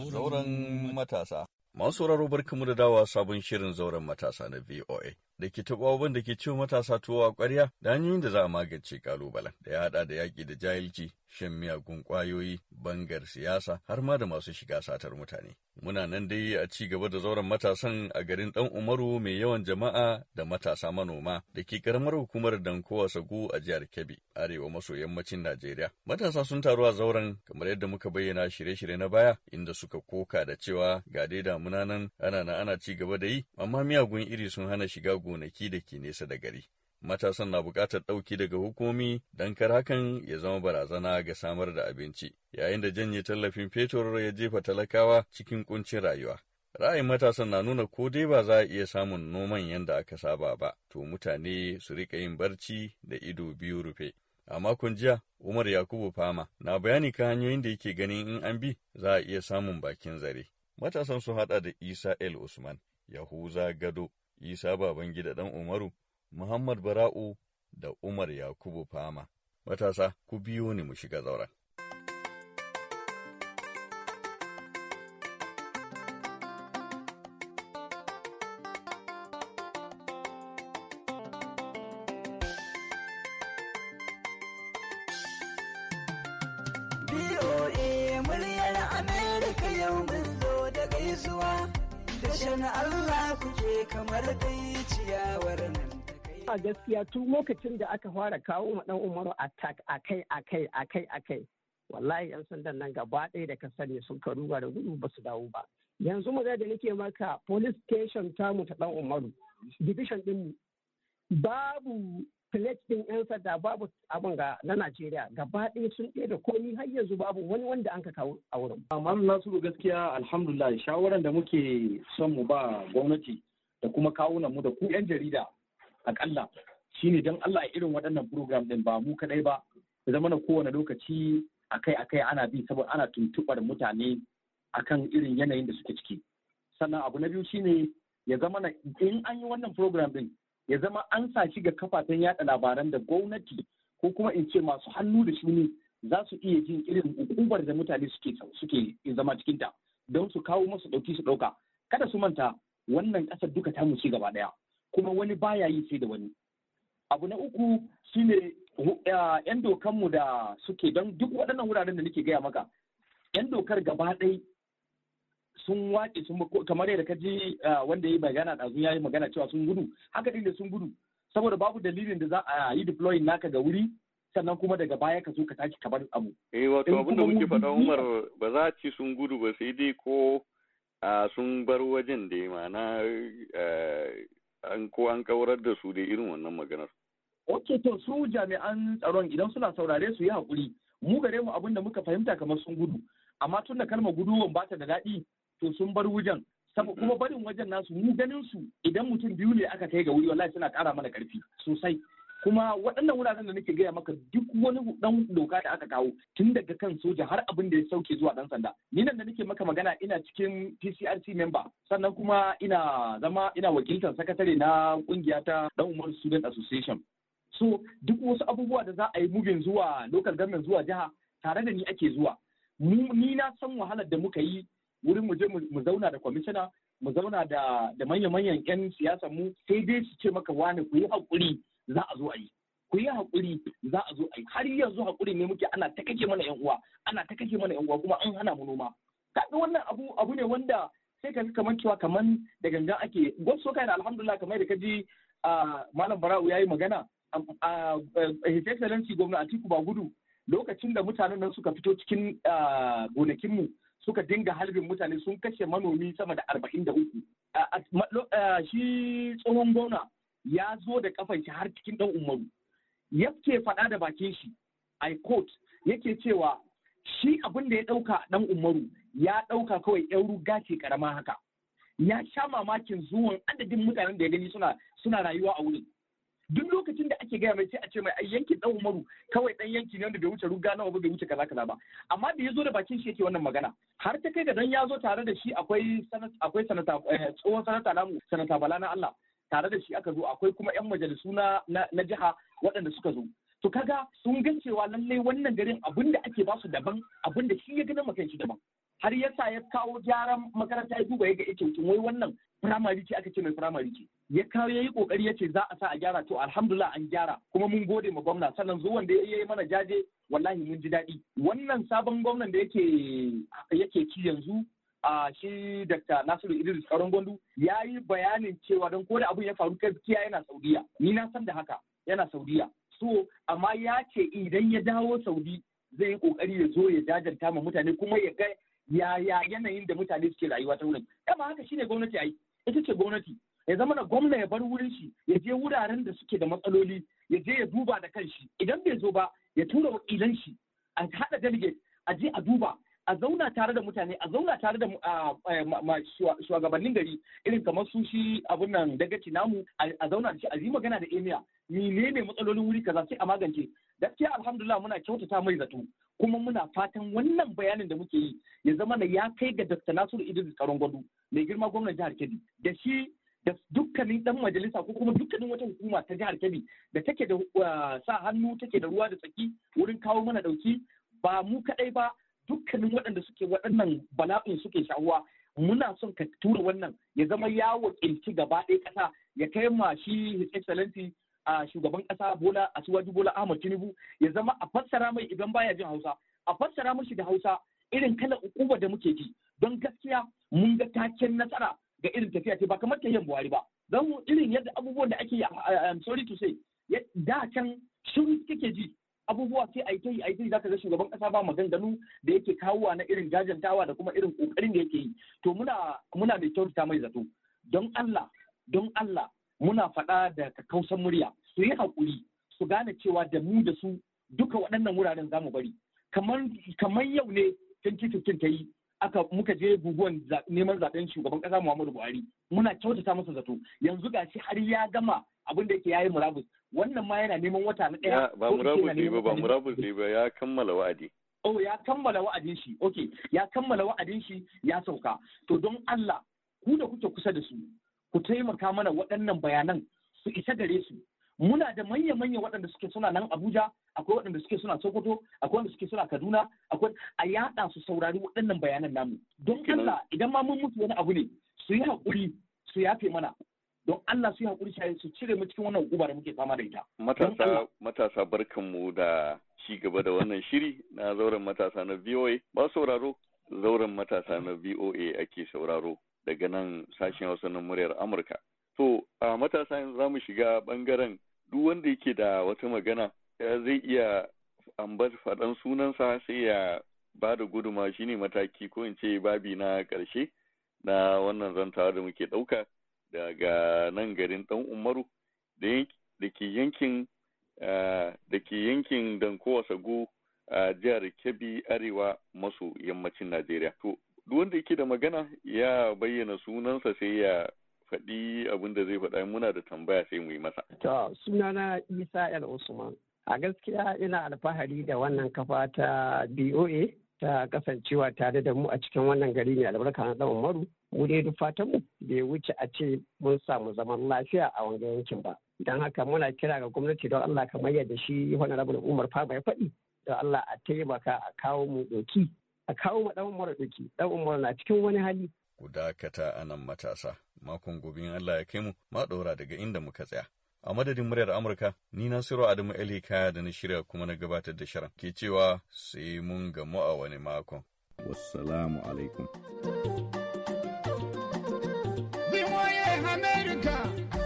Zauren matasa. Masu sauraro barkamu da dawa sabon shirin zauren matasa na VOA da ke taɓa abin da ke ciwo matasa tuwo a ƙwarya da hanyoyin da za a magance ƙalubalen da ya haɗa da yaƙi da jahilci, shan miyagun ƙwayoyi, bangar siyasa har ma da masu shiga satar mutane. Muna nan dai a ci gaba da zauren matasan a garin ɗan Umaru mai yawan jama'a da matasa manoma da ke karamar hukumar Dankowa Sagu a jihar Kebbi, arewa maso yammacin Najeriya. Matasa sun taru a zauren kamar yadda muka bayyana shirye-shirye na baya inda suka koka da cewa ga dai damuna nan ana na ana ci gaba da yi, amma miyagun iri sun hana shiga gonaki da ke nesa da gari. matasan na buƙatar ɗauki daga hukumi don kar hakan ya zama barazana ga samar da abinci, yayin da janye tallafin fetur ya jefa talakawa cikin ƙuncin rayuwa. Ra'ayin matasan na nuna ko dai ba za a iya samun noman yadda aka saba ba, to mutane su riƙa yin barci da ido biyu rufe. A makon jiya, Umar Yakubu Fama na bayani kan hanyoyin da yake ganin in an bi za a iya samun bakin zare. Matasan sun haɗa da Isa El Usman, Yahuza Gado, Isa Babangida Dan Umaru, Muhammad Bara'u da Umar Yakubu Fama. Matasa, ku biyo ni mu shiga zauren. muryar Amerika yau da gaisuwa, da Allah kuke kamar dai ciyawar nan. a gaskiya tun lokacin da aka fara kawo ma dan umaru attack akai akai akai akai wallahi yan sandan nan gaba ɗaya da ka sani sun karuwa da gudu ba su dawo ba yanzu maza da nake maka police station mu ta dan umaru division din babu plate din yan sanda babu abin ga na Najeriya gaba ɗaya sun ɗaya da komi har yanzu babu wani wanda an ka kawo a wurin. na Nasiru gaskiya alhamdulillah shawaran da muke son mu ba gwamnati da kuma kawunan mu da ku yan jarida akalla shine don Allah irin waɗannan program ɗin ba mu kaɗai ba ya zama na kowane lokaci akai akai ana bi saboda ana tuntuɓar mutane akan irin yanayin da suke ciki sannan abu na biyu shine ya zama na in an yi wannan program ɗin, ya zama an sa shi ga kafafen yada labaran da gwamnati ko kuma in ce masu hannu da shuni za su iya jin irin hukumar da mutane suke suke zama cikinta don su kawo masu ɗauki su ɗauka. kada su manta wannan ƙasar duka ta mu ci gaba ɗaya. kuma wani baya yi sai da wani abu na uku shine yan dokanmu da suke don duk waɗannan wuraren da nake gaya maka yan dokar gaba ɗai sun waƙe sun kamar yadda ka ji wanda ya yi magana ɗazu ya yi magana cewa sun gudu haka ɗin da sun gudu saboda babu dalilin da za a yi deploying naka ga wuri sannan kuma daga baya ka zo ka tashi kamar abu. Eh wato abin da muke faɗa Umar ba za ci sun gudu ba sai dai ko sun bar wajen da ma'ana an ko an kaurar da su da irin wannan maganar. Ok to su jami'an tsaron idan suna saurare su yi hakuri mu gare mu abin muka fahimta kamar sun gudu amma tun da kalmar guduwan ba ta da daɗi to sun bar wujen, saboda mm-hmm. kuma barin wajen nasu mu ganin su idan mutum biyu ne aka kai ga wuri wallahi suna ƙara mana ƙarfi sosai. kuma waɗannan wuraren da nake gaya maka duk wani dan doka da aka kawo tun daga kan soja har abin da ya sauke zuwa dan sanda ni nan da nake maka magana ina cikin PCRC member sannan kuma ina zama ina wakiltar sakatare na kungiya ta dan Umar Student Association so duk wasu abubuwa da za a yi mugin zuwa local government zuwa jiha tare da ni ake zuwa ni na san wahalar da muka yi wurin mu je mu zauna da kwamishina mu zauna da manya-manyan 'yan siyasar mu sai dai su ce maka wani ku yi haƙuri za a zo a yi ku yi haƙuri za a zo a yi har yanzu hakuri ne muke ana ta kake mana yan uwa ana ta kake mana yan uwa kuma an hana mu noma kaga wannan abu abu ne wanda sai ka kamar cewa kamar da gangan ake gwamnati kai da alhamdulillah kamar da ji malam bara'u ya yi magana his excellency gwamna Atiku gudu lokacin da mutanen nan suka fito cikin gonakinmu suka dinga halbin mutane sun kashe manomi sama da arba'in da uku. Shi tsohon gona ya zo da kafan shi har cikin dan umaru yake faɗa da bakin shi i quote yake cewa shi abin da ya ɗauka dan umaru ya ɗauka kawai yan ruga ce karama haka ya sha mamakin zuwan adadin mutanen da ya gani suna suna rayuwa a wurin duk lokacin da ake gaya mai sai a ce mai yankin dan umaru kawai dan yanki ne wanda bai wuce ruga nawa ba bai wuce kaza kaza ba amma da ya zo da bakin shi yake wannan magana har ta kai ga dan ya zo tare da shi akwai sanata akwai sanata eh, tsohon sanata namu sanata bala na Allah tare da shi aka zo akwai kuma 'yan majalisu na na jiha waɗanda suka zo to kaga sun gan cewa lallai wannan garin abin da ake basu daban abin da shi ya gina makan shi daban har yasa ya kawo gyaran makaranta ya duba ya ga ita eh, wai wannan firamare ce aka ce mai firamare ce ya kawo yayi kokari yace za a sa a gyara to alhamdulillah an gyara kuma mun gode ma gwamna sannan zuwan da yi mana jaje wallahi mun ji daɗi wannan sabon gwamnan da yake yake ci yanzu a shi Dr. Nasiru Idris Karon Gondu ya yi bayanin cewa don ko da abin ya faru gaskiya yana Saudiya. Ni na san da haka yana Saudiya. So amma ya ce idan ya dawo Saudi zai yi kokari ya zo ya jajanta ma mutane kuma ya ga yaya yanayin da mutane suke rayuwa ta wurin. Dama haka shine gwamnati ai. Ita ce gwamnati. Ya zama na gwamna ya bar wurin shi ya je wuraren da suke da matsaloli ya je ya duba da kanshi idan bai zo ba ya tura wakilan shi a haɗa delegate a je a duba a zauna tare da mutane a zauna tare da shugabannin gari irin kamar su abun nan dagaci namu a zauna da shi a yi magana da emiya ne matsalolin wuri kaza sai a magance gaskiya alhamdulillah muna kyautata mai zato kuma muna fatan wannan bayanin da muke yi ya zama na ya kai ga Dr. Nasiru Idris Karon Gwado mai girma gwamnan jihar Kebbi da shi da dukkanin dan majalisa ko kuma dukkanin wata hukuma ta jihar Kebbi da take da sa hannu take da ruwa da tsaki wurin kawo mana dauki ba mu kadai ba dukkanin waɗanda suke waɗannan bala'in suke shawuwa muna son ka tura wannan ya zama ya wakilci gaba ɗaya ƙasa ya kai ma shi his excellency a shugaban ƙasa bola a suwaji bola ahmad tinubu ya zama a fassara mai idan baya jin hausa a fassara mashi da hausa irin kala ukuba da muke ji don gaskiya mun ga taken nasara ga irin tafiya ce ba kamar ta yin buhari ba don irin yadda abubuwan da ake yi sorry to say da can shiru kake ji abubuwa sai a yi ta yi a yi za ka ga shugaban kasa ba maganganu da yake kawowa na irin jajantawa da kuma irin kokarin da yake yi to muna muna mai kyautata mai zato don Allah don Allah muna faɗa da kakausan murya su yi haƙuri su gane cewa da mu da su duka waɗannan wuraren zamu bari kamar yau ne 2015 ta yi aka muka je guguwan neman zaɓen shugaban kasa Muhammadu Buhari muna kyautata masa zato yanzu ga shi har ya gama abin da yake yayi murabus wannan ma yana neman wata na ɗaya ba murabusi ba ba murabusi ba ya kammala wa'adi oh ya kammala wa'adin shi okay ya kammala wa'adin shi ya sauka to don Allah ku da kuke kusa da su ku taimaka mana waɗannan bayanan su isa gare su muna da manya-manya waɗanda suke suna nan Abuja akwai waɗanda suke suna Sokoto akwai waɗanda suke suna Kaduna akwai a yaɗa su saurari waɗannan bayanan namu don Allah idan ma mun mutu wani abu ne su yi hakuri su yafe mana don Allah su yi hakuri su cire mu cikin wannan guba da muke fama da ita. Matasa matasa barkanmu da ci gaba da wannan shiri na zauren matasa na VOA ba sauraro zauren matasa na VOA ake sauraro daga nan sashen Hausa na muryar Amurka. To a matasa yanzu za mu shiga bangaren duk wanda yake da wata magana zai iya ambar faɗan sunansa sai ya ba da guduma shine mataki ko in ce babi na ƙarshe na wannan zantawa da muke ɗauka. daga nan garin dan umaru da ke yankin eh, da ke yankin dankowa sago a eh, jihar kebbi arewa maso yammacin najeriya to duk wanda yake da magana ya bayyana sunansa sai ya faɗi abin da zai faɗa muna da tambaya sai mu yi masa to sunana isa el usman a gaskiya ina alfahari da wannan kafa ta boa ta kasancewa tare da mu a cikin wannan gari mai albarka na ɗan maru mu dai duk fatan mu bai wuce a ce mun samu zaman lafiya a wanga yankin ba don haka muna kira ga gwamnati don Allah kamar yadda shi wani rabu Umar fa ya faɗi don Allah a taimaka a kawo mu doki a kawo mu ɗan Umar doki ɗan Umar na cikin wani hali ku dakata anan matasa makon gobe Allah ya kai mu ma ɗora daga inda muka tsaya A madadin muryar Amurka, ni Nasiru Adamu Ali Kaya da na shirya kuma na gabatar da shirin. Ke cewa sai mun gamu a wani makon. Wassalamu alaikum. America.